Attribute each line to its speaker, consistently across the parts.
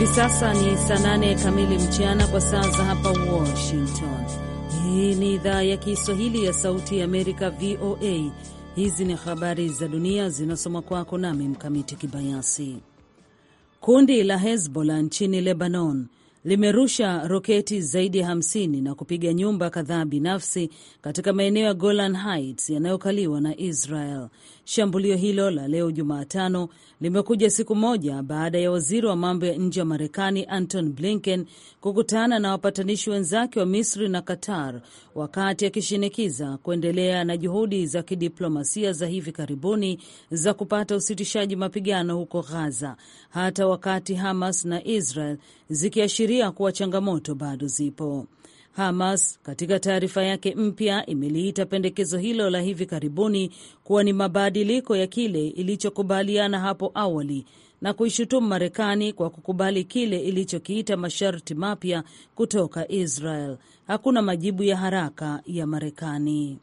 Speaker 1: Hivi sasa ni saa nane kamili mchana kwa saa za hapa Washington. Hii ni idhaa ya Kiswahili ya Sauti ya Amerika, VOA. Hizi ni habari za dunia zinasoma kwako nami Mkamiti Kibayasi. Kundi la Hezbollah nchini Lebanon limerusha roketi zaidi ya hamsini na kupiga nyumba kadhaa binafsi katika maeneo ya Golan Heights yanayokaliwa na Israel. Shambulio hilo la leo Jumatano limekuja siku moja baada ya waziri wa mambo ya nje wa Marekani Anton Blinken kukutana na wapatanishi wenzake wa Misri na Qatar wakati akishinikiza kuendelea na juhudi za kidiplomasia za hivi karibuni za kupata usitishaji mapigano huko Gaza, hata wakati Hamas na Israel zikiashiri kuashiria kuwa changamoto bado zipo. Hamas katika taarifa yake mpya imeliita pendekezo hilo la hivi karibuni kuwa ni mabadiliko ya kile ilichokubaliana hapo awali na kuishutumu Marekani kwa kukubali kile ilichokiita masharti mapya kutoka Israel. Hakuna majibu ya haraka ya Marekani.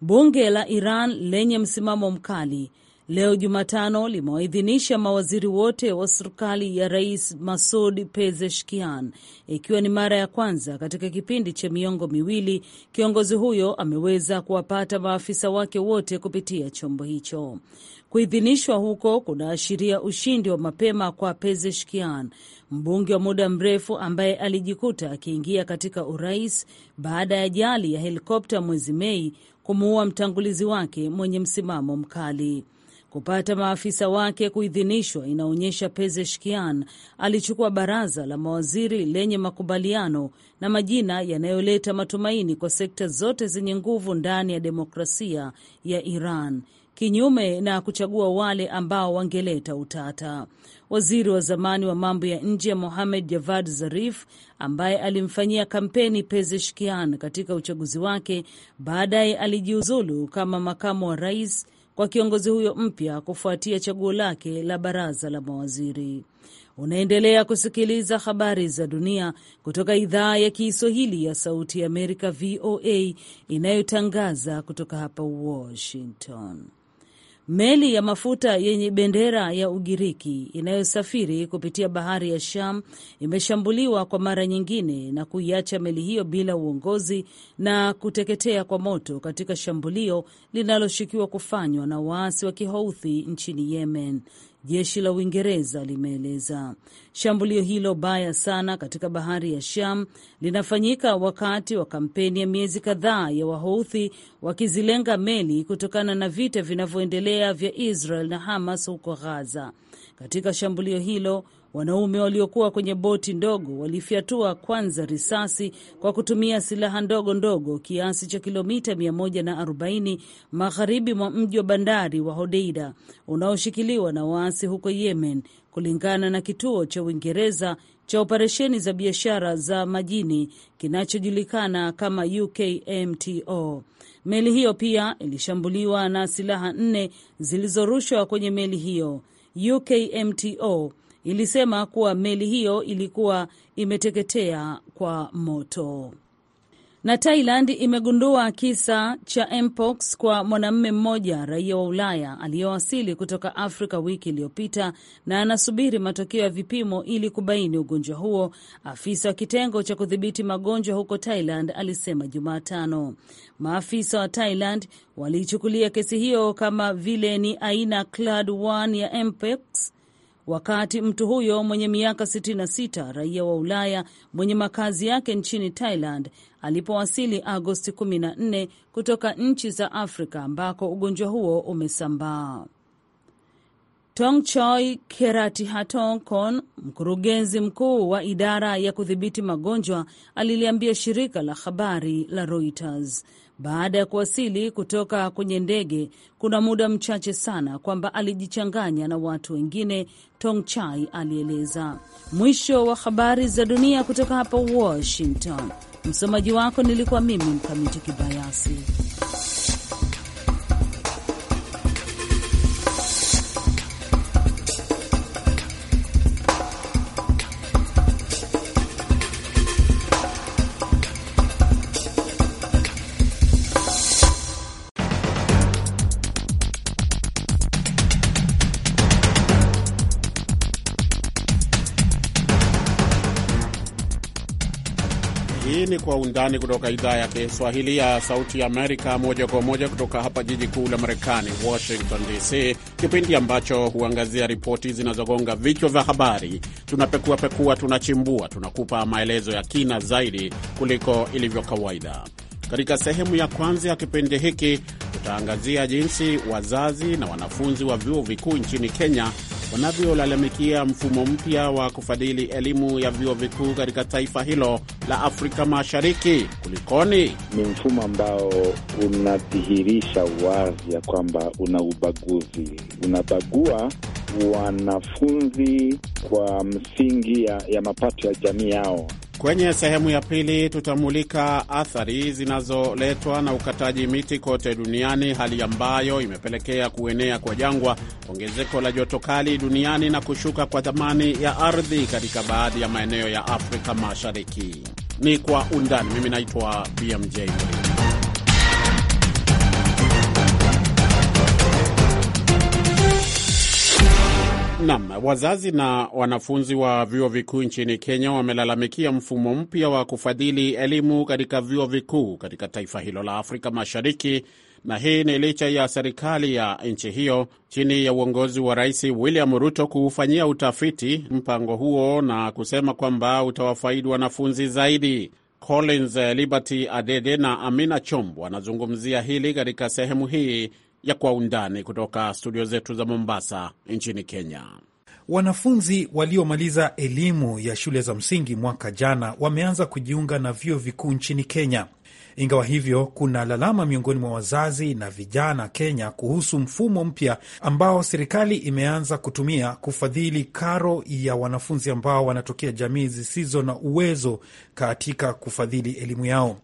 Speaker 1: Bunge la Iran lenye msimamo mkali leo Jumatano limewaidhinisha mawaziri wote wa serikali ya Rais Masud Pezeshkian, ikiwa ni mara ya kwanza katika kipindi cha miongo miwili kiongozi huyo ameweza kuwapata maafisa wake wote kupitia chombo hicho. Kuidhinishwa huko kunaashiria ushindi wa mapema kwa Pezeshkian, mbunge wa muda mrefu ambaye alijikuta akiingia katika urais baada ya ajali ya helikopta mwezi Mei kumuua mtangulizi wake mwenye msimamo mkali kupata maafisa wake kuidhinishwa inaonyesha Pezeshkian alichukua baraza la mawaziri lenye makubaliano na majina yanayoleta matumaini kwa sekta zote zenye nguvu ndani ya demokrasia ya Iran, kinyume na kuchagua wale ambao wangeleta utata. Waziri wa zamani wa mambo ya nje Mohamed Javad Zarif, ambaye alimfanyia kampeni Pezeshkian katika uchaguzi wake, baadaye alijiuzulu kama makamu wa rais kwa kiongozi huyo mpya kufuatia chaguo lake la baraza la mawaziri. Unaendelea kusikiliza habari za dunia kutoka idhaa ya Kiswahili ya Sauti ya Amerika, VOA, inayotangaza kutoka hapa Washington. Meli ya mafuta yenye bendera ya Ugiriki inayosafiri kupitia bahari ya Sham imeshambuliwa kwa mara nyingine na kuiacha meli hiyo bila uongozi na kuteketea kwa moto katika shambulio linaloshukiwa kufanywa na waasi wa Kihouthi nchini Yemen jeshi la Uingereza limeeleza. Shambulio hilo baya sana katika bahari ya Sham linafanyika wakati wa kampeni ya miezi kadhaa ya Wahouthi wakizilenga meli kutokana na vita vinavyoendelea vya Israel na Hamas huko ghaza Katika shambulio hilo Wanaume waliokuwa kwenye boti ndogo walifyatua kwanza risasi kwa kutumia silaha ndogo ndogo kiasi cha kilomita 140 magharibi mwa mji wa bandari wa Hodeida unaoshikiliwa na waasi huko Yemen, kulingana na kituo cha Uingereza cha operesheni za biashara za majini kinachojulikana kama UKMTO. Meli hiyo pia ilishambuliwa na silaha nne zilizorushwa kwenye meli hiyo. UKMTO ilisema kuwa meli hiyo ilikuwa imeteketea kwa moto. Na Thailand imegundua kisa cha mpox kwa mwanamume mmoja raia wa Ulaya aliyewasili kutoka Afrika wiki iliyopita na anasubiri matokeo ya vipimo ili kubaini ugonjwa huo, afisa wa kitengo cha kudhibiti magonjwa huko Thailand alisema Jumatano. Maafisa wa Thailand waliichukulia kesi hiyo kama vile ni aina clade 1 ya mpox wakati mtu huyo mwenye miaka 66 raia wa Ulaya mwenye makazi yake nchini Thailand alipowasili Agosti 14 kutoka nchi za Afrika ambako ugonjwa huo umesambaa. Tongchoi Keratihatokorn, mkurugenzi mkuu wa idara ya kudhibiti magonjwa, aliliambia shirika la habari la Reuters baada ya kuwasili kutoka kwenye ndege kuna muda mchache sana kwamba alijichanganya na watu wengine, tong chai alieleza. Mwisho wa habari za dunia kutoka hapa Washington. Msomaji wako nilikuwa mimi Mkamiti Kibayasi.
Speaker 2: kwa undani kutoka idhaa ya Kiswahili ya Sauti ya Amerika, moja kwa moja kutoka hapa jiji kuu la Marekani, Washington DC, kipindi ambacho huangazia ripoti zinazogonga vichwa vya habari. Tunapekuapekua, tunachimbua, tunakupa maelezo ya kina zaidi kuliko ilivyo kawaida. Katika sehemu ya kwanza ya kipindi hiki tutaangazia jinsi wazazi na wanafunzi wa vyuo vikuu nchini Kenya wanavyolalamikia mfumo mpya wa kufadhili elimu ya vyuo vikuu katika taifa hilo la Afrika Mashariki. Kulikoni?
Speaker 3: Ni mfumo ambao unadhihirisha wazi ya kwamba una ubaguzi, unabagua wanafunzi kwa msingi ya, ya mapato ya jamii yao.
Speaker 2: Kwenye sehemu ya pili tutamulika athari zinazoletwa na ukataji miti kote duniani, hali ambayo imepelekea kuenea kwa jangwa, ongezeko la joto kali duniani na kushuka kwa thamani ya ardhi katika baadhi ya maeneo ya Afrika Mashariki. Ni kwa undani. Mimi naitwa BMJ. Nam, wazazi na wanafunzi wa vyuo vikuu nchini Kenya wamelalamikia mfumo mpya wa kufadhili elimu katika vyuo vikuu katika taifa hilo la Afrika Mashariki, na hii ni licha ya serikali ya nchi hiyo chini ya uongozi wa Rais William Ruto kuufanyia utafiti mpango huo na kusema kwamba utawafaidi wanafunzi zaidi. Collins Liberty Adede na Amina Chombo wanazungumzia hili katika sehemu hii ya Kwa Undani kutoka studio zetu za Mombasa nchini Kenya.
Speaker 4: Wanafunzi waliomaliza elimu ya shule za msingi mwaka jana wameanza kujiunga na vyuo vikuu nchini Kenya. Ingawa hivyo, kuna lalama miongoni mwa wazazi na vijana Kenya kuhusu mfumo mpya ambao serikali imeanza kutumia kufadhili karo ya wanafunzi ambao wanatokea jamii zisizo na uwezo katika kufadhili elimu yao.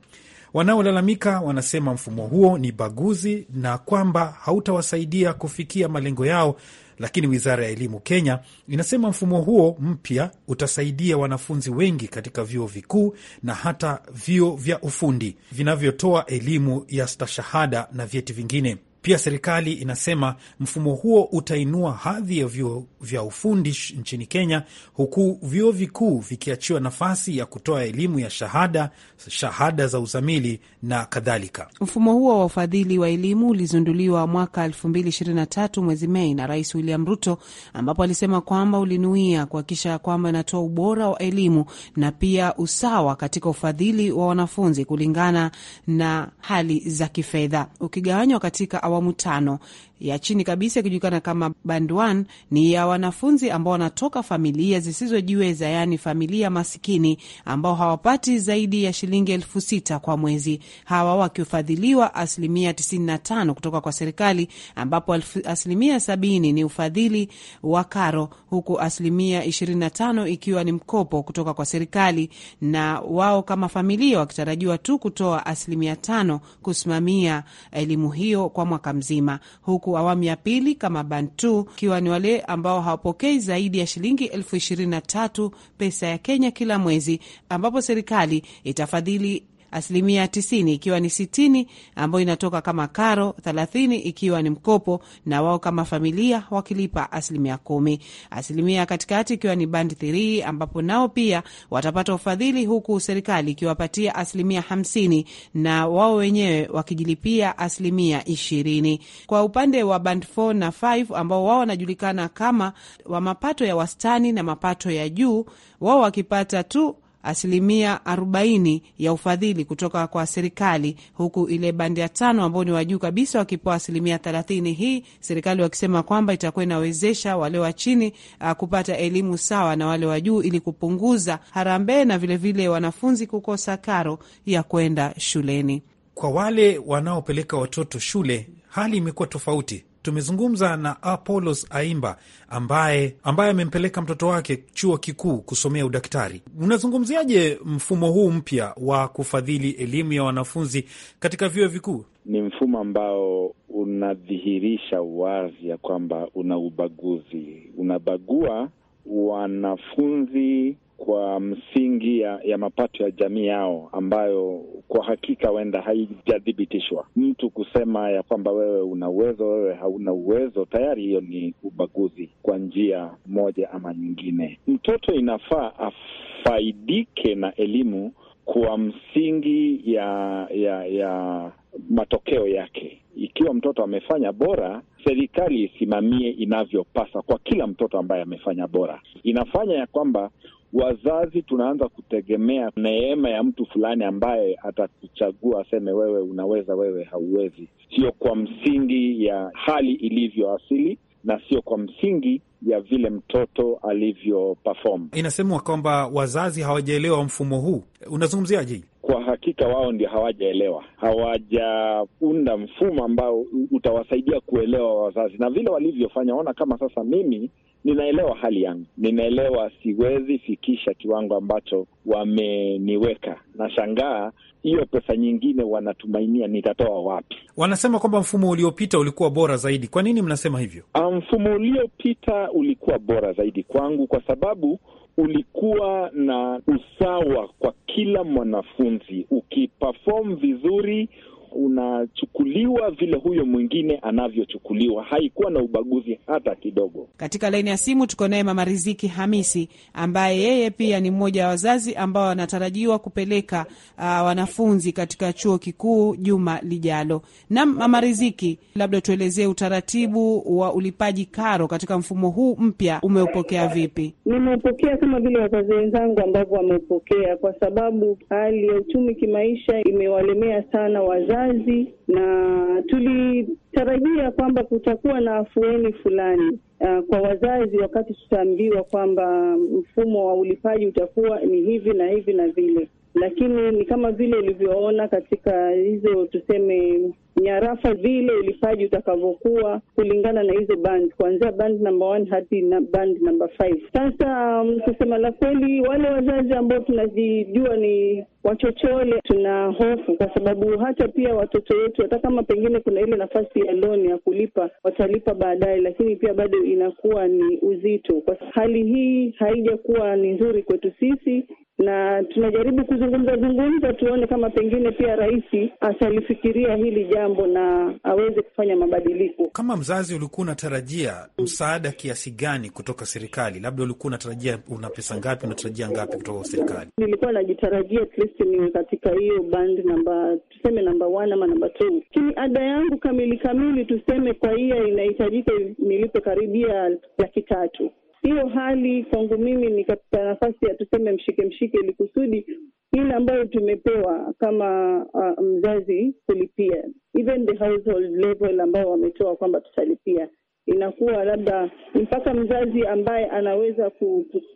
Speaker 4: Wanaolalamika wanasema mfumo huo ni baguzi na kwamba hautawasaidia kufikia malengo yao, lakini wizara ya elimu Kenya inasema mfumo huo mpya utasaidia wanafunzi wengi katika vyuo vikuu na hata vyuo vya ufundi vinavyotoa elimu ya stashahada na vyeti vingine. Pia serikali inasema mfumo huo utainua hadhi ya vyuo vya ufundi nchini Kenya, huku vyuo vikuu vikiachiwa nafasi ya kutoa elimu ya shahada, shahada za uzamili na kadhalika.
Speaker 5: Mfumo huo wa ufadhili wa elimu ulizinduliwa mwaka 2023 mwezi Mei na Rais William Ruto, ambapo alisema kwamba ulinuia kuhakikisha kwamba inatoa ubora wa elimu na pia usawa katika ufadhili wa wanafunzi kulingana na hali za kifedha ukigawanywa katika awamu tano ya chini kabisa ikijulikana kama Bandwan ni ya wanafunzi ambao wanatoka familia zisizojiweza, yaani familia masikini ambao hawapati zaidi ya shilingi elfu sita kwa mwezi, hawa wakiufadhiliwa asilimia 95 kutoka kwa serikali, ambapo asilimia 70 ni ufadhili wa karo, huku asilimia 25 ikiwa ni mkopo kutoka kwa serikali, na wao kama familia wakitarajiwa tu kutoa asilimia tano kusimamia elimu hiyo kwa mwaka mzima huku wa awamu ya pili kama band 2 ikiwa ni wale ambao hawapokei zaidi ya shilingi elfu ishirini na tatu pesa ya Kenya kila mwezi, ambapo serikali itafadhili asilimia 90 ikiwa ni 60 ambayo inatoka kama karo, 30 ikiwa ni mkopo, na wao kama familia wakilipa asilimia 10. Asilimia ya katikati ikiwa ni band 3 ambapo nao pia watapata ufadhili, huku serikali ikiwapatia asilimia 50 na wao wenyewe wakijilipia asilimia 20. Kwa upande wa band 4 na 5 ambao wao wanajulikana kama wa mapato ya wastani na mapato ya juu, wao wakipata tu asilimia 40 ya ufadhili kutoka kwa serikali, huku ile bandi ya tano ambao ni wajuu kabisa wakipewa asilimia 30. Hii serikali wakisema kwamba itakuwa inawezesha wale wa chini uh, kupata elimu sawa na wale wa juu ili kupunguza harambee na vilevile vile wanafunzi kukosa karo ya kwenda shuleni.
Speaker 4: Kwa wale wanaopeleka watoto shule, hali imekuwa tofauti Tumezungumza na Apollos Aimba ambaye ambaye amempeleka mtoto wake chuo kikuu kusomea udaktari. Unazungumziaje mfumo huu mpya wa kufadhili elimu ya wanafunzi katika vyuo vikuu?
Speaker 3: Ni mfumo ambao unadhihirisha wazi ya kwamba una ubaguzi, unabagua wanafunzi kwa msingi ya, ya mapato ya jamii yao ambayo kwa hakika huenda haijathibitishwa. Mtu kusema ya kwamba wewe una uwezo, wewe hauna uwezo, tayari hiyo ni ubaguzi kwa njia moja ama nyingine. Mtoto inafaa afaidike na elimu kwa msingi ya ya ya matokeo yake. Ikiwa mtoto amefanya bora, serikali isimamie inavyopasa kwa kila mtoto ambaye amefanya bora. Inafanya ya kwamba Wazazi tunaanza kutegemea neema ya mtu fulani ambaye atakuchagua aseme, wewe unaweza, wewe hauwezi, sio kwa msingi ya hali ilivyo asili na sio kwa msingi ya vile mtoto alivyo perform.
Speaker 4: Inasemwa kwamba wazazi hawajaelewa mfumo huu, unazungumziaje? Kwa hakika
Speaker 3: wao ndio hawajaelewa, hawajaunda mfumo ambao utawasaidia kuelewa wazazi na vile walivyofanya. Ona kama sasa mimi ninaelewa hali yangu, ninaelewa siwezi fikisha kiwango ambacho wameniweka. Nashangaa hiyo pesa nyingine wanatumainia nitatoa wapi?
Speaker 4: Wanasema kwamba mfumo uliopita ulikuwa bora zaidi. Kwa nini mnasema hivyo? Ah, mfumo uliopita ulikuwa bora zaidi kwangu kwa sababu
Speaker 3: ulikuwa na usawa kwa kila mwanafunzi. Ukiperform vizuri unachukuliwa vile huyo mwingine anavyochukuliwa. Haikuwa na ubaguzi hata kidogo.
Speaker 5: Katika laini ya simu tuko naye Mama Riziki Hamisi ambaye yeye pia ni mmoja wa wazazi ambao wanatarajiwa kupeleka uh, wanafunzi katika chuo kikuu juma lijalo. Na Mama Riziki, labda tuelezee utaratibu wa ulipaji karo katika mfumo huu mpya, umeupokea vipi?
Speaker 6: Nimeupokea kama vile wazazi wenzangu ambavyo wameupokea, kwa sababu hali ya uchumi kimaisha imewalemea sana wazazi wazi, na tulitarajia kwamba kutakuwa na afueni fulani uh, kwa wazazi wakati tutaambiwa kwamba mfumo wa ulipaji utakuwa ni hivi na hivi na vile, lakini ni kama vile ulivyoona katika hizo tuseme nyarafa vile ulipaji utakavyokuwa kulingana na hizo band kuanzia band namba one hadi na band namba five. Sasa um, kusema la kweli, wale wazazi ambao tunajijua ni wachochole. Tuna hofu kwa sababu hata pia watoto wetu, hata kama pengine kuna ile nafasi ya loan ya kulipa, watalipa baadaye, lakini pia bado inakuwa ni uzito. Kwa hali hii haijakuwa ni nzuri kwetu sisi na tunajaribu kuzungumza zungumza, tuone kama pengine pia rais asalifikiria hili jambo na aweze kufanya mabadiliko. Kama mzazi, ulikuwa
Speaker 4: unatarajia msaada kiasi gani kutoka serikali? Labda ulikuwa unatarajia una pesa ngapi, unatarajia ngapi kutoka serikali?
Speaker 6: Nilikuwa najitarajia niwe katika hiyo band namba, tuseme namba one ama namba two, lakini ada yangu kamili kamili, tuseme kwa hiya inahitajika nilipe karibia laki tatu. Hiyo hali kwangu mimi ni katika nafasi ya tuseme mshike mshike, ili kusudi ile ambayo tumepewa kama uh, mzazi kulipia even the household level ambao wametoa kwamba tutalipia inakuwa labda mpaka mzazi ambaye anaweza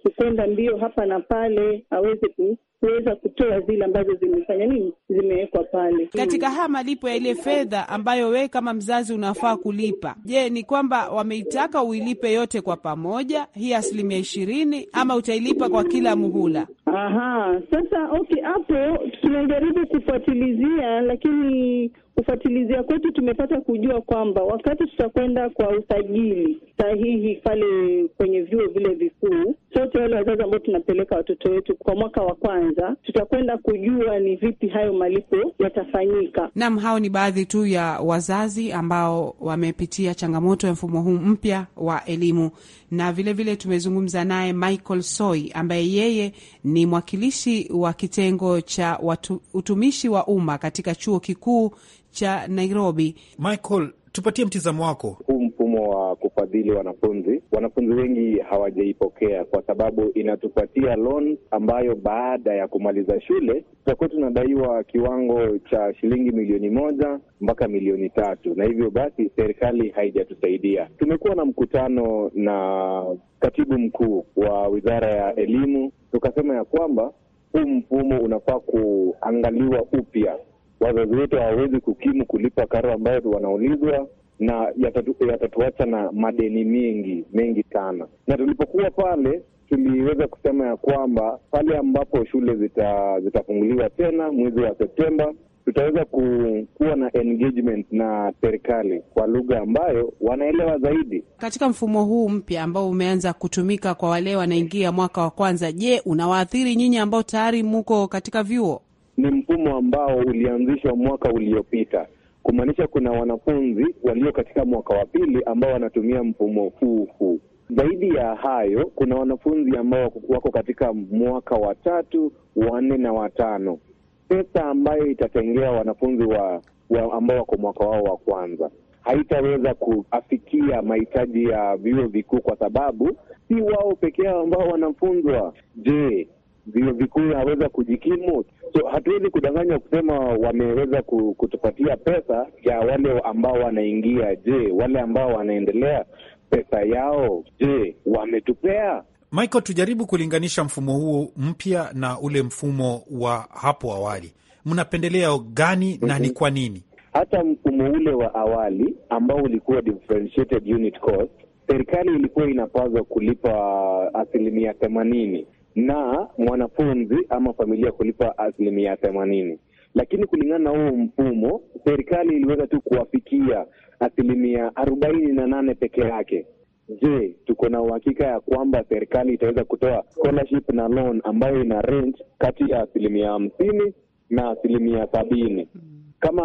Speaker 6: kukwenda mbio hapa na pale aweze ku kuweza kutoa zile ambazo zimefanya nini, zimewekwa pale katika
Speaker 5: haya malipo ya ile fedha ambayo wewe kama mzazi unafaa kulipa. Je, ni kwamba wameitaka uilipe yote kwa pamoja, hii asilimia ishirini, ama utailipa kwa kila muhula?
Speaker 6: Aha, sasa okay, hapo tunajaribu kufuatilizia, lakini kufuatilizia kwetu tumepata kujua kwamba wakati tutakwenda kwa usajili sahihi pale kwenye vyuo vile vikuu sote wale wazazi ambao tunapeleka watoto wetu kwa mwaka wa kwanza, tutakwenda kujua ni vipi hayo malipo yatafanyika.
Speaker 5: Naam, hao ni baadhi tu ya wazazi ambao wamepitia changamoto ya mfumo huu mpya wa elimu, na vilevile vile tumezungumza naye Michael soy ambaye yeye ni mwakilishi wa kitengo cha watu, utumishi wa umma katika chuo kikuu cha Nairobi. Michael, tupatie mtizamo wako.
Speaker 7: Huu mfumo wa kufadhili wanafunzi, wanafunzi wengi hawajaipokea kwa sababu inatupatia loan ambayo baada ya kumaliza shule tutakuwa tunadaiwa kiwango cha shilingi milioni moja mpaka milioni tatu, na hivyo basi serikali haijatusaidia. Tumekuwa na mkutano na katibu mkuu wa wizara ya elimu, tukasema ya kwamba huu mfumo unafaa kuangaliwa upya wazazi wetu hawawezi kukimu kulipa karo ambayo wanaulizwa na yatatu, yatatuacha na madeni mengi mengi sana. Na tulipokuwa pale tuliweza kusema ya kwamba pale ambapo shule zitafunguliwa zita tena mwezi wa Septemba tutaweza ku, kuwa na engagement na serikali kwa lugha ambayo wanaelewa zaidi.
Speaker 5: Katika mfumo huu mpya ambao umeanza kutumika kwa wale wanaingia mwaka wa kwanza, je, unawaathiri nyinyi ambao tayari muko katika vyuo?
Speaker 7: ni mfumo ambao ulianzishwa mwaka uliopita, kumaanisha kuna wanafunzi walio katika mwaka wa pili ambao wanatumia mfumo huu huu. Zaidi ya hayo, kuna wanafunzi ambao wako katika mwaka wa tatu, wa nne na watano. Pesa ambayo itatengea wanafunzi wa, wa ambao wako mwaka wao wa kwanza haitaweza kuafikia mahitaji ya vyuo vikuu kwa sababu si wao pekee ambao wanafunzwa. Je, vyuo vikuu aweza kujikimu. So hatuwezi kudanganya kusema wameweza kutupatia pesa ya wale ambao wanaingia. Je, wale ambao wanaendelea pesa yao, je, wametupea?
Speaker 4: Michael, tujaribu kulinganisha mfumo huo mpya na ule mfumo wa hapo awali. Mnapendelea gani? mm -hmm. na ni mhm. kwa nini?
Speaker 7: Hata mfumo ule wa awali ambao ulikuwa differentiated unit cost, serikali ilikuwa inapaswa kulipa asilimia themanini na mwanafunzi ama familia kulipa asilimia themanini. Lakini kulingana na huu mfumo, serikali iliweza tu kuwafikia asilimia arobaini na nane peke yake. Je, tuko na uhakika ya kwamba serikali itaweza kutoa scholarship na loan ambayo ina range kati ya asilimia hamsini na asilimia sabini? Hmm. Kama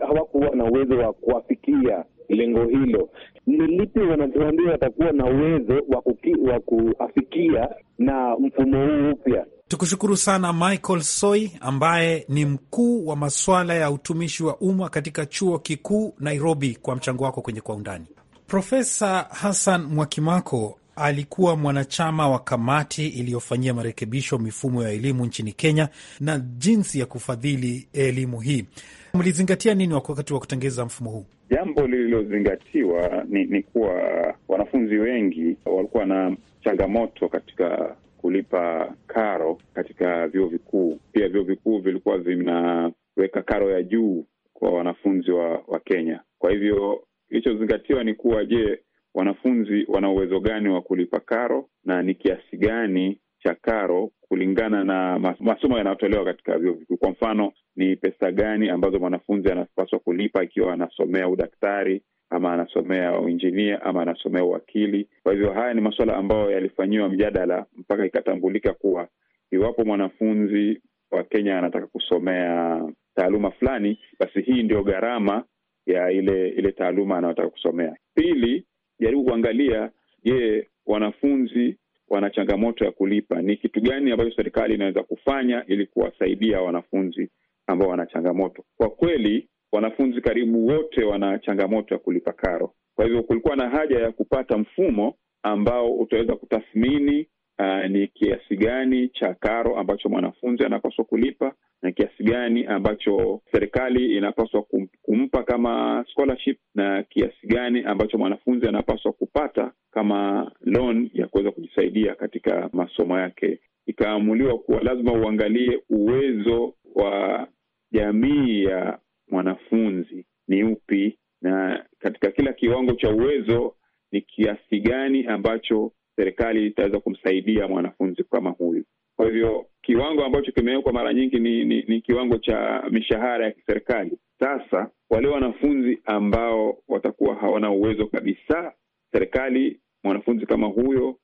Speaker 7: hawakuwa na uwezo wa kuwafikia lengo hilo, ni lipi wanatuambia watakuwa na uwezo wa kuafikia na mfumo huu upya.
Speaker 4: Tukushukuru sana Michael Soy ambaye ni mkuu wa masuala ya utumishi wa umma katika chuo kikuu Nairobi kwa mchango wako kwenye kwa undani. Profesa Hassan Mwakimako alikuwa mwanachama wa kamati iliyofanyia marekebisho mifumo ya elimu nchini Kenya na jinsi ya kufadhili elimu hii. Mlizingatia nini wakati wa kutengeza mfumo huu?
Speaker 8: Jambo lililozingatiwa ni, ni kuwa wanafunzi wengi walikuwa na changamoto katika kulipa karo katika vyuo vikuu. Pia vyuo vikuu vilikuwa vinaweka karo ya juu kwa wanafunzi wa, wa Kenya. Kwa hivyo kilichozingatiwa ni kuwa, je, wanafunzi wana uwezo gani wa kulipa karo na ni kiasi gani cha karo kulingana na masomo yanayotolewa katika vyuo vikuu. Kwa mfano, ni pesa gani ambazo mwanafunzi anapaswa kulipa ikiwa anasomea udaktari ama anasomea uinjinia ama anasomea uwakili. Kwa hivyo haya ni masuala ambayo yalifanyiwa mjadala mpaka ikatambulika kuwa iwapo mwanafunzi wa Kenya anataka kusomea taaluma fulani, basi hii ndio gharama ya ile ile taaluma anayotaka kusomea. Pili, jaribu kuangalia, je, wanafunzi wana changamoto ya kulipa, ni kitu gani ambacho serikali inaweza kufanya ili kuwasaidia wanafunzi ambao wana changamoto? Kwa kweli wanafunzi karibu wote wana changamoto ya kulipa karo. Kwa hivyo kulikuwa na haja ya kupata mfumo ambao utaweza kutathmini uh, ni kiasi gani cha karo ambacho mwanafunzi anapaswa kulipa na kiasi gani ambacho serikali inapaswa kumpa kama scholarship na kiasi gani ambacho mwanafunzi anapaswa kupata kama loan ya kuweza kujisaidia katika masomo yake. Ikaamuliwa kuwa lazima uangalie uwezo wa jamii ya mwanafunzi ni upi, na katika kila kiwango cha uwezo ni kiasi gani ambacho serikali itaweza kumsaidia mwanafunzi kama huyu. Kwa hivyo kiwango ambacho kimewekwa mara nyingi ni, ni, ni kiwango cha mishahara ya kiserikali. Sasa wale wanafunzi ambao watakuwa hawana uwezo kabisa, serikali mwanafunzi kama huyo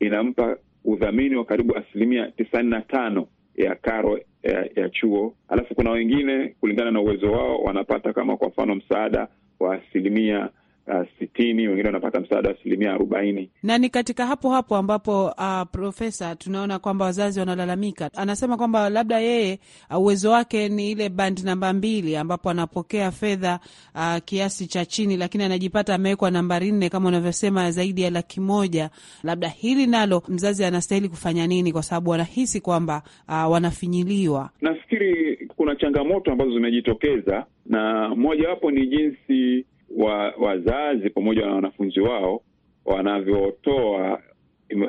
Speaker 8: inampa udhamini wa karibu asilimia tisini na tano ya karo ya, ya chuo. Alafu kuna wengine kulingana na uwezo wao wanapata kama kwa mfano msaada wa asilimia uh, sitini, wengine wanapata msaada wa asilimia arobaini.
Speaker 5: Na ni katika hapo hapo ambapo uh, profesa, tunaona kwamba wazazi wanalalamika, anasema kwamba labda yeye uh, uwezo wake ni ile band namba mbili ambapo anapokea fedha uh, kiasi cha chini, lakini anajipata amewekwa nambari nne kama unavyosema, zaidi ya laki moja. Labda hili nalo mzazi anastahili kufanya nini, kwa sababu wanahisi kwamba uh, wanafinyiliwa.
Speaker 8: Nafikiri kuna changamoto ambazo zimejitokeza na mojawapo ni jinsi wa, wazazi pamoja na wanafunzi wao wanavyotoa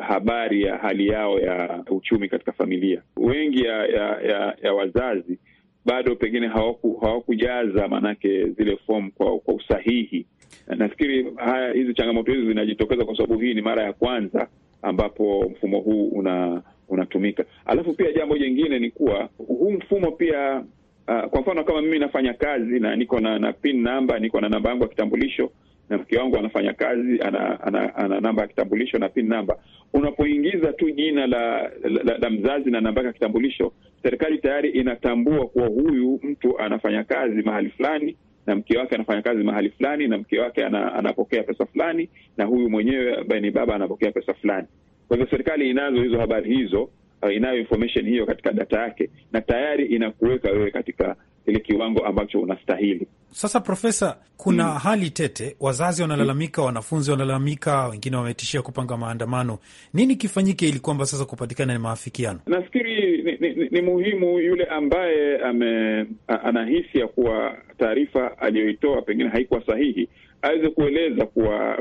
Speaker 8: habari ya hali yao ya uchumi katika familia. Wengi ya, ya, ya, ya wazazi bado pengine hawaku, hawakujaza maanake zile fomu kwa, kwa usahihi. Nafikiri haya hizi changamoto hizi zinajitokeza kwa sababu hii ni mara ya kwanza ambapo mfumo huu una unatumika. Alafu pia jambo jingine ni kuwa huu mfumo pia Uh, kwa mfano kama mimi nafanya kazi na niko na, na pin namba, niko na namba yangu ya kitambulisho na mke wangu anafanya kazi ana, ana, ana namba ya kitambulisho na pin namba. Unapoingiza tu jina la, la, la, la mzazi na namba ya kitambulisho, serikali tayari inatambua kuwa huyu mtu anafanya kazi mahali fulani na mke wake anafanya kazi mahali fulani na mke wake ana, anapokea pesa fulani na huyu mwenyewe ni baba anapokea pesa fulani. Kwa hivyo serikali inazo hizo habari hizo Uh, inayo information hiyo katika data yake na tayari inakuweka wewe katika kile kiwango ambacho unastahili.
Speaker 4: Sasa Profesa, kuna mm, hali tete, wazazi wanalalamika, hmm. wanafunzi wanalalamika, wengine wametishia kupanga maandamano. Nini kifanyike ili kwamba sasa kupatikana ni maafikiano?
Speaker 8: Nafikiri ni, ni, ni muhimu yule ambaye ame, a, anahisi ya kuwa taarifa aliyoitoa pengine haikuwa sahihi aweze kueleza kuwa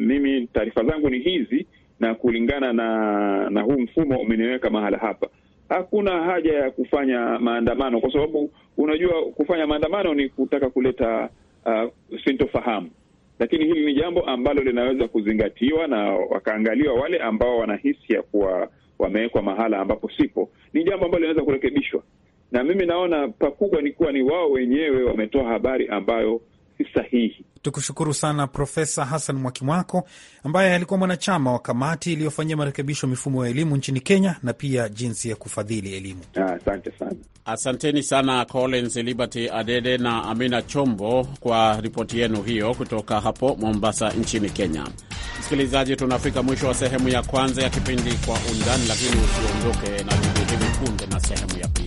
Speaker 8: mimi taarifa zangu ni hizi na kulingana na na huu mfumo umeniweka mahala hapa, hakuna haja ya kufanya maandamano, kwa sababu unajua kufanya maandamano ni kutaka kuleta uh, sintofahamu. Lakini hili ni jambo ambalo linaweza kuzingatiwa na wakaangaliwa wale ambao wanahisi ya kuwa wamewekwa mahala ambapo sipo. Ni jambo ambalo linaweza kurekebishwa, na mimi naona pakubwa ni kuwa ni wao wenyewe wametoa habari ambayo sahihi.
Speaker 4: Tukushukuru sana Profesa Hassan Mwakimwako ambaye alikuwa mwanachama wa kamati iliyofanyia marekebisho mifumo ya elimu nchini Kenya na pia jinsi ya kufadhili elimu. Ah, asante
Speaker 2: sana. Asanteni sana Collins Liberty Adede na Amina Chombo kwa ripoti yenu hiyo kutoka hapo Mombasa nchini Kenya. Msikilizaji, tunafika mwisho wa sehemu ya kwanza ya kipindi Kwa Undani, lakini usiondoke na hivi punde na sehemu ya pili.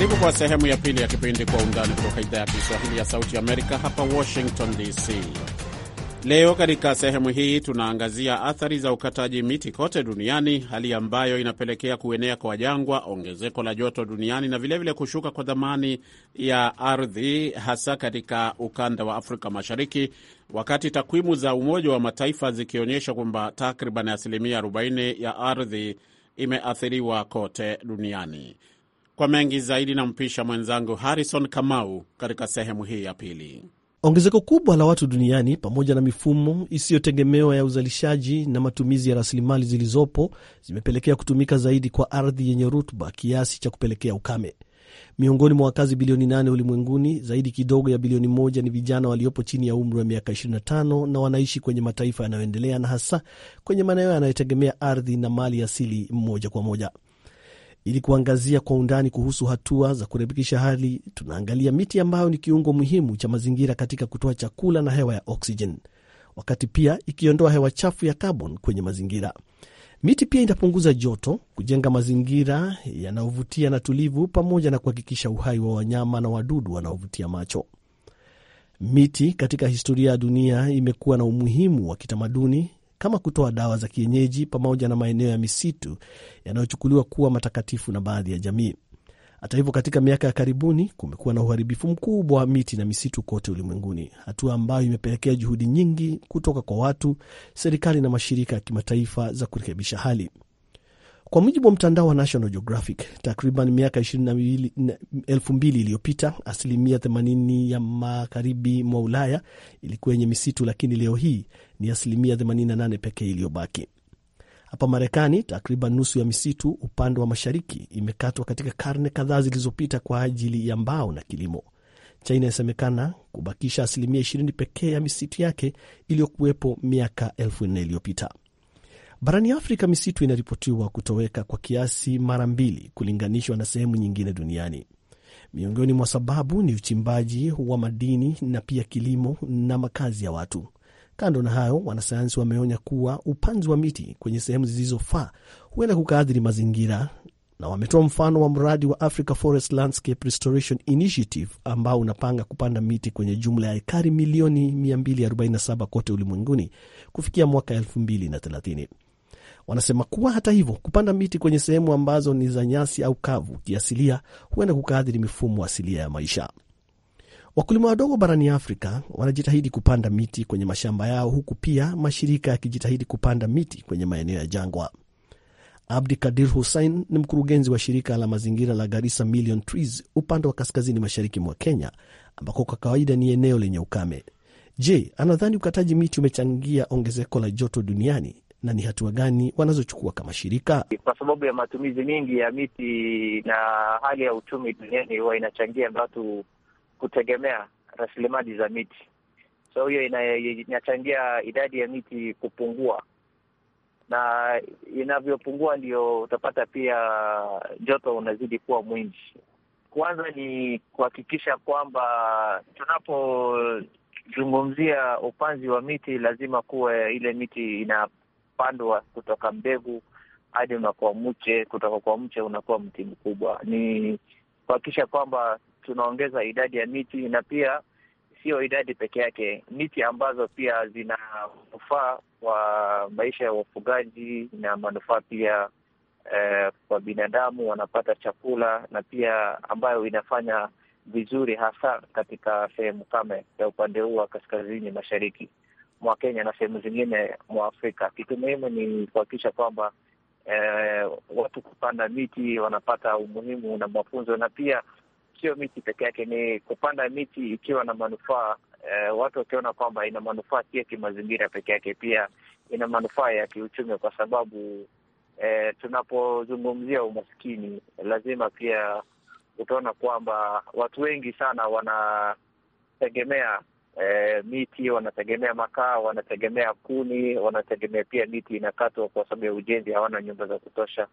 Speaker 2: Karibu kwa sehemu ya pili ya kipindi Kwa Undani kutoka idhaa ya Kiswahili ya Sauti Amerika, hapa Washington DC. Leo katika sehemu hii tunaangazia athari za ukataji miti kote duniani, hali ambayo inapelekea kuenea kwa jangwa, ongezeko la joto duniani na vilevile vile kushuka kwa dhamani ya ardhi, hasa katika ukanda wa Afrika Mashariki, wakati takwimu za Umoja wa Mataifa zikionyesha kwamba takriban asilimia 40 ya ardhi imeathiriwa kote duniani. Kwa mengi zaidi, nampisha mwenzangu Harrison Kamau katika sehemu hii ya
Speaker 9: pili. Ongezeko kubwa la watu duniani pamoja na mifumo isiyotegemewa ya uzalishaji na matumizi ya rasilimali zilizopo zimepelekea kutumika zaidi kwa ardhi yenye rutuba kiasi cha kupelekea ukame. Miongoni mwa wakazi bilioni 8 ulimwenguni, zaidi kidogo ya bilioni moja ni vijana waliopo chini ya umri wa miaka 25 na wanaishi kwenye mataifa yanayoendelea na hasa kwenye maeneo yanayotegemea ardhi na mali asili moja kwa moja. Ili kuangazia kwa undani kuhusu hatua za kurekebisha hali, tunaangalia miti ambayo ni kiungo muhimu cha mazingira katika kutoa chakula na hewa ya oksijeni, wakati pia ikiondoa hewa chafu ya kaboni kwenye mazingira. Miti pia inapunguza joto, kujenga mazingira yanayovutia na tulivu, pamoja na kuhakikisha uhai wa wanyama na wadudu wanaovutia macho. Miti katika historia ya dunia imekuwa na umuhimu wa kitamaduni kama kutoa dawa za kienyeji pamoja na maeneo ya misitu yanayochukuliwa kuwa matakatifu na baadhi ya jamii. Hata hivyo, katika miaka ya karibuni kumekuwa na uharibifu mkubwa wa miti na misitu kote ulimwenguni, hatua ambayo imepelekea juhudi nyingi kutoka kwa watu, serikali na mashirika ya kimataifa za kurekebisha hali. Kwa mujibu wa mtandao wa National Geographic, takriban miaka elfu mbili iliyopita asilimia 80 ya magharibi mwa Ulaya ilikuwa yenye misitu, lakini leo hii ni asilimia 88 pekee iliyobaki. Hapa Marekani, takriban nusu ya misitu upande wa mashariki imekatwa katika karne kadhaa zilizopita kwa ajili ya mbao na kilimo. China inasemekana kubakisha asilimia 20 pekee ya misitu yake iliyokuwepo miaka elfu nne iliyopita. Barani Afrika, misitu inaripotiwa kutoweka kwa kiasi mara mbili kulinganishwa na sehemu nyingine duniani. Miongoni mwa sababu ni uchimbaji wa madini na pia kilimo na makazi ya watu. Kando na hayo, wanasayansi wameonya kuwa upanzi wa miti kwenye sehemu zilizofaa huenda kukaadhiri mazingira, na wametoa mfano wa mradi wa Africa Forest Landscape Restoration Initiative ambao unapanga kupanda miti kwenye jumla ya ekari milioni 247 kote ulimwenguni kufikia mwaka 2030. Wanasema kuwa hata hivyo, kupanda miti kwenye sehemu ambazo ni za nyasi au kavu kiasilia huenda kukaathiri mifumo asilia ya maisha. Wakulima wadogo barani Afrika wanajitahidi kupanda miti kwenye mashamba yao, huku pia mashirika yakijitahidi kupanda miti kwenye maeneo ya jangwa. Abdi Kadir Hussein ni mkurugenzi wa shirika la mazingira la Garissa Million Trees upande wa kaskazini mashariki mwa Kenya, ambako kwa kawaida ni eneo lenye ukame. Je, anadhani ukataji miti umechangia ongezeko la joto duniani na ni hatua gani wanazochukua kama shirika?
Speaker 10: Kwa sababu ya matumizi mengi ya miti na hali ya uchumi duniani huwa inachangia watu kutegemea rasilimali za miti, so hiyo inachangia idadi ya miti kupungua, na inavyopungua ndio utapata pia joto unazidi kuwa mwingi. Kwanza ni kuhakikisha kwamba tunapozungumzia upanzi wa miti lazima kuwe ile miti ina unapandwa kutoka mbegu hadi unakuwa mche, kutoka kwa mche unakuwa mti mkubwa. Ni kuhakikisha kwamba tunaongeza idadi ya miti na pia sio idadi peke yake, miti ambazo pia zina manufaa kwa maisha ya wafugaji na manufaa pia eh, kwa binadamu wanapata chakula na pia ambayo inafanya vizuri hasa katika sehemu kame ya upande huu wa kaskazini mashariki mwa Kenya na sehemu zingine mwa Afrika. Kitu muhimu ni kuhakikisha kwamba eh, watu kupanda miti wanapata umuhimu na mafunzo, na pia sio miti peke yake, ni kupanda miti ikiwa na manufaa eh, watu wakiona kwamba ina manufaa sio kimazingira peke yake, pia ina manufaa ya kiuchumi kwa sababu eh, tunapozungumzia umaskini lazima pia utaona kwamba watu wengi sana wanategemea e, miti wanategemea makaa, wanategemea kuni, wanategemea pia miti inakatwa kwa sababu ya ujenzi, hawana nyumba za kutosha.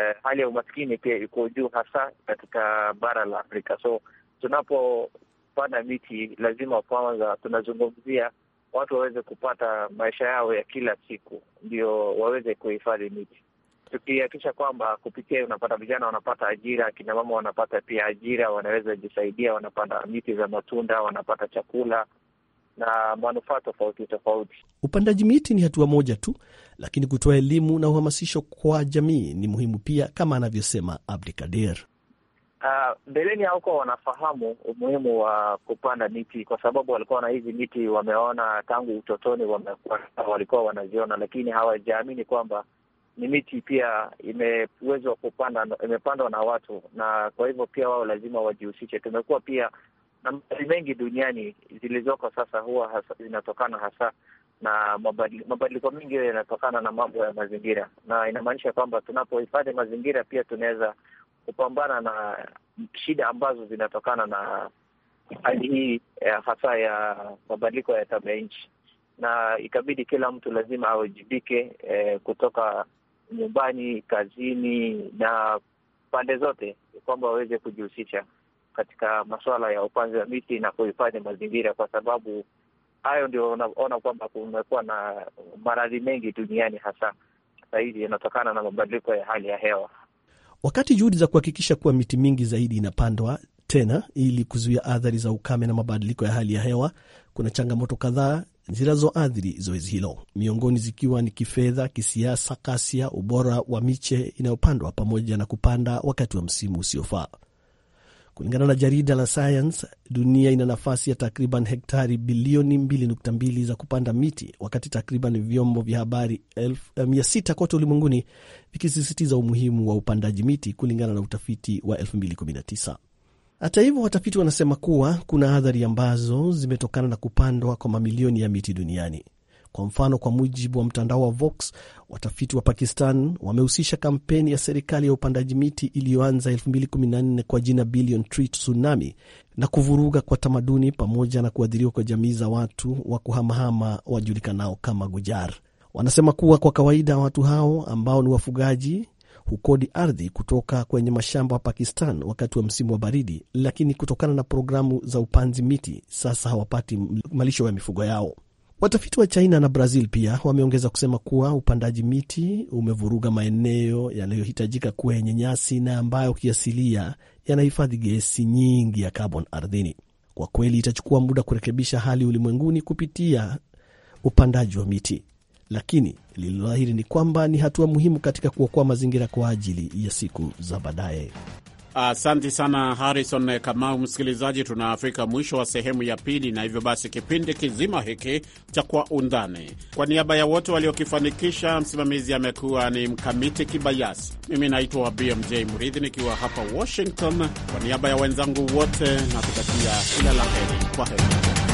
Speaker 10: E, hali ya umaskini pia iko juu hasa katika bara la Afrika. So tunapopanda miti lazima kwanza tunazungumzia watu waweze kupata maisha yao ya kila siku, ndio waweze kuhifadhi miti tukihakikisha kwamba kupitia unapata vijana wanapata ajira, akina mama wanapata pia ajira, wanaweza jisaidia, wanapanda miti za matunda, wanapata chakula na manufaa tofauti tofauti.
Speaker 9: Upandaji miti ni hatua moja tu, lakini kutoa elimu na uhamasisho kwa jamii ni muhimu pia, kama anavyosema Abdikadir.
Speaker 10: Ah, mbeleni uh, wanafahamu umuhimu wa kupanda miti, kwa sababu walikuwa na hizi miti wameona tangu utotoni, wamekuwa walikuwa wanaziona, lakini hawajaamini kwamba ni miti pia imewezwa kupanda, imepandwa na watu, na kwa hivyo pia wao lazima wajihusishe. Tumekuwa pia na mali mengi duniani zilizoko sasa huwa hasa, zinatokana hasa na mabadiliko mengi yanatokana na mambo ya mazingira, na inamaanisha kwamba tunapohifadhi mazingira pia tunaweza kupambana na shida ambazo zinatokana na hali hii ya eh, hasa ya mabadiliko ya tabia nchi, na ikabidi kila mtu lazima awajibike eh, kutoka nyumbani, kazini na pande zote, kwamba waweze kujihusisha katika masuala ya upanzi wa miti na kuhifadhi mazingira, kwa sababu hayo ndio unaona kwamba kumekuwa na maradhi mengi duniani, hasa sahizi yanatokana na mabadiliko ya hali ya hewa.
Speaker 9: Wakati juhudi za kuhakikisha kuwa miti mingi zaidi inapandwa tena ili kuzuia athari za ukame na mabadiliko ya hali ya hewa, kuna changamoto kadhaa zinazoathiri zoezi hilo, miongoni zikiwa ni kifedha, kisiasa, kasia, ubora wa miche inayopandwa pamoja na kupanda wakati wa msimu usiofaa. Kulingana na jarida la Science, dunia ina nafasi ya takriban hektari bilioni 2.2 za kupanda miti, wakati takriban vyombo vya habari 600 eh, kote ulimwenguni vikisisitiza umuhimu wa upandaji miti, kulingana na utafiti wa 2019. Hata hivyo, watafiti wanasema kuwa kuna athari ambazo zimetokana na kupandwa kwa mamilioni ya miti duniani. Kwa mfano, kwa mujibu wa mtandao wa Vox, watafiti wa Pakistan wamehusisha kampeni ya serikali ya upandaji miti iliyoanza 2014 kwa jina Billion Tree Tsunami na kuvuruga kwa tamaduni pamoja na kuathiriwa kwa jamii za watu wa kuhamahama wajulikanao kama Gujar. Wanasema kuwa kwa kawaida watu hao ambao ni wafugaji hukodi ardhi kutoka kwenye mashamba wa Pakistan wakati wa msimu wa baridi, lakini kutokana na programu za upanzi miti sasa hawapati malisho ya mifugo yao. Watafiti wa China na Brazil pia wameongeza kusema kuwa upandaji miti umevuruga maeneo yanayohitajika kuwa yenye nyasi na ambayo kiasilia yanahifadhi gesi nyingi ya carbon ardhini. Kwa kweli itachukua muda kurekebisha hali ulimwenguni kupitia upandaji wa miti lakini lililodhahiri ni kwamba ni hatua muhimu katika kuokoa mazingira kwa ajili ya siku za baadaye.
Speaker 2: Asante sana Harrison Kamau. Msikilizaji, tunaafika mwisho wa sehemu ya pili, na hivyo basi kipindi kizima hiki cha Kwa Undani, kwa niaba ya wote waliokifanikisha, msimamizi amekuwa ni Mkamiti Kibayasi, mimi naitwa BMJ mridhi nikiwa hapa Washington, kwa niaba ya wenzangu wote na kutakia kila la heri. Kwa heri.